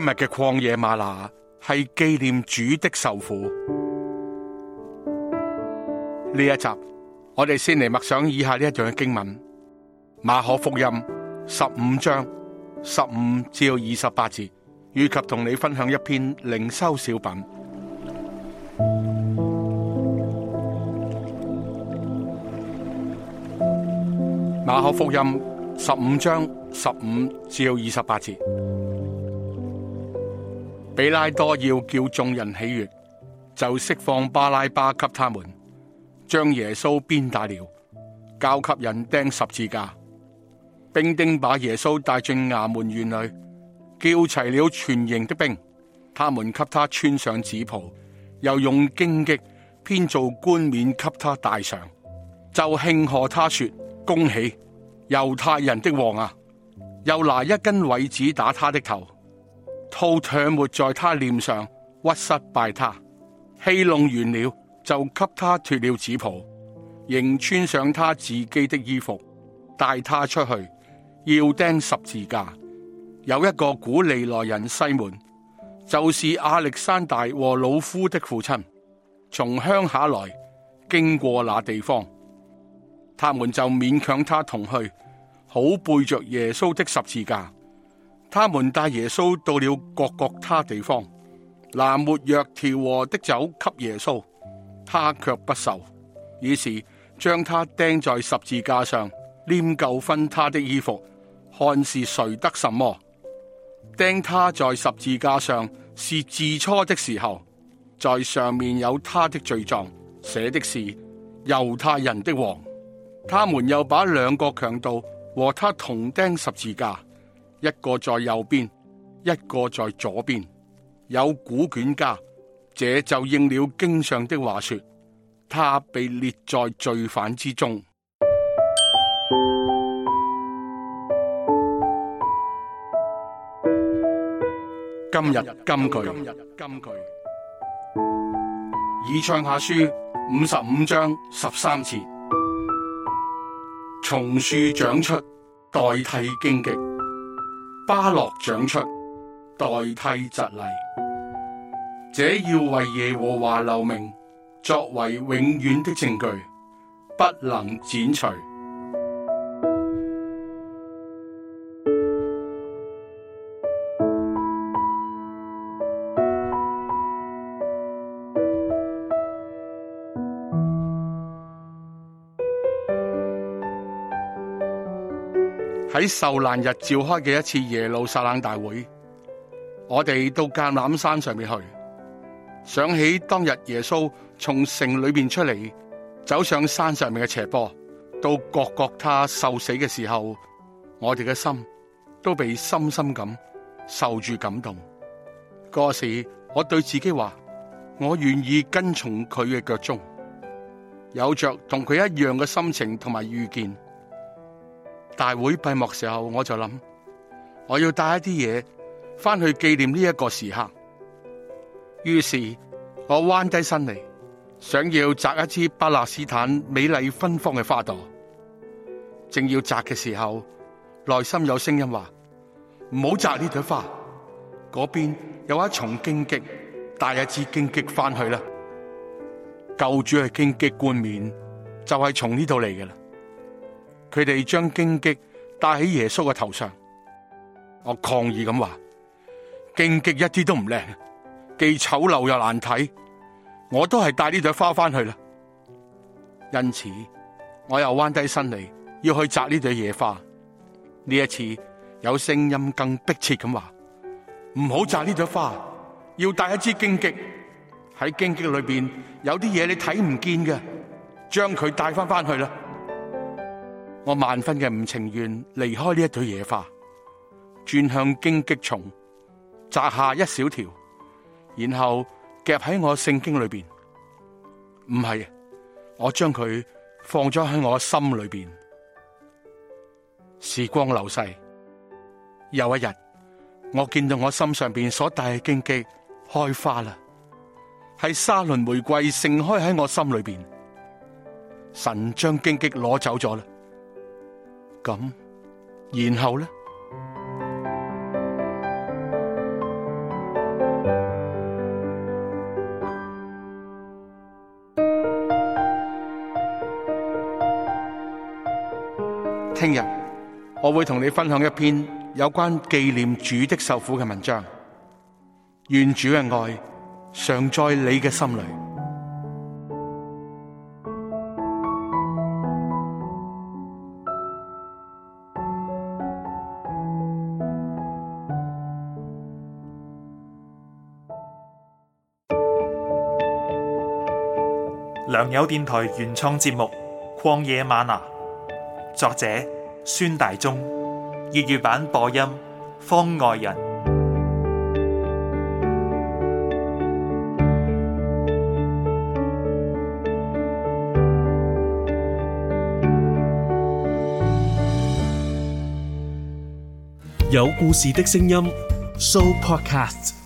今日嘅曠野嗎哪係紀念主的受苦。呢一集，我哋先嚟默想以下呢一段嘅經文：馬可福音十五章十五至到二十八節，以及同你分享一篇靈修小品。馬可福音十五章十五至到二十八節。比拉多要叫眾人喜悦，就釋放巴拉巴給他們，將耶穌鞭打了，交給人釘十字架，兵丁把耶穌帶進衙門院裏，叫齊了全營的兵，他們給他穿上紫袍，又用荊棘編造冠冕給他戴上，就慶賀他說：恭喜，猶太人的王啊！又拿一根葦子打他的頭。吐唾沫在他臉上，屈膝拜他，戲弄完了就給他脱了紫袍，仍穿上他自己的衣服，帶他出去，要釘十字架。有一個古利奈人西門，就是亞歷山大和老夫的父親，從鄉下來經過那地方，他們就勉強他同去，好背着耶穌的十字架。他們帶耶穌到了各各他地方，拿沒藥調和的酒給耶穌，他卻不受，於是將他釘在十字架上，拈鬮分他的衣服，看是誰得什麼。釘他在十字架上是巳初的時候，在上面有他的罪狀，寫的是猶太人的王。他們又把兩個強盜和他同釘十字架。一個在右邊，一個在左邊，有古卷加，這就應了經上的話說，他被列在罪犯之中。今日，今日金句，今日，今日，今日金句，以賽亞書五十五章十三次，松樹長出，代替荊棘。番石榴長出，代替蒺藜，這要為耶和華留名，作為永遠的證據，不能剪除。喺受難日召開嘅一次耶路撒冷大會，我哋到橄欖山上面去，想起當日耶穌從城裏邊出嚟，走上山上面嘅斜坡，到各各他受死嘅時候，我哋嘅心都被深深咁受住感動。嗰時我對自己話：我願意跟從佢嘅腳蹤，有着同佢一樣嘅心情同埋預見。大會閉幕時候，我就諗我要帶一啲嘢翻去紀念呢一個時刻。於是，我彎低身嚟，想要摘一枝巴勒斯坦美麗芬芳嘅花朵。正要摘嘅時候，內心有聲音話：唔好摘呢朵花，嗰邊有一重荊棘，帶一支荊棘翻去啦。救主嘅荊棘冠冕，就係從呢度嚟嘅啦。佢哋將荊棘戴喺耶穌嘅頭上，我抗議咁話：荊棘一啲都唔靚，既醜陋又難睇。我都係帶呢朵花翻去啦。因此，我又彎低身嚟要去摘呢朵野花。呢一次有聲音更迫切咁話：唔好摘呢朵花，要帶一支荊棘。喺荊棘裏邊有啲嘢你睇唔見嘅，將佢帶翻翻去啦。我萬分嘅唔情願離開呢一堆野花，轉向荊棘叢，摘下一小條，然後夾喺我聖經裏邊。唔係，我將佢放咗喺我心裏邊。時光流逝，有一日我見到我心上邊所帶嘅荊棘開花啦，係沙崙玫瑰盛開喺我心裏邊。神將荊棘攞走咗啦。咁，然後呢，聽日我會同你分享一篇有關紀念主的受苦嘅文章，願主嘅愛常在你嘅心裏。良友電台原創節目《曠野嗎哪》，作者孫大中，粵語版播音方外人，有故事的聲音，Show Podcast。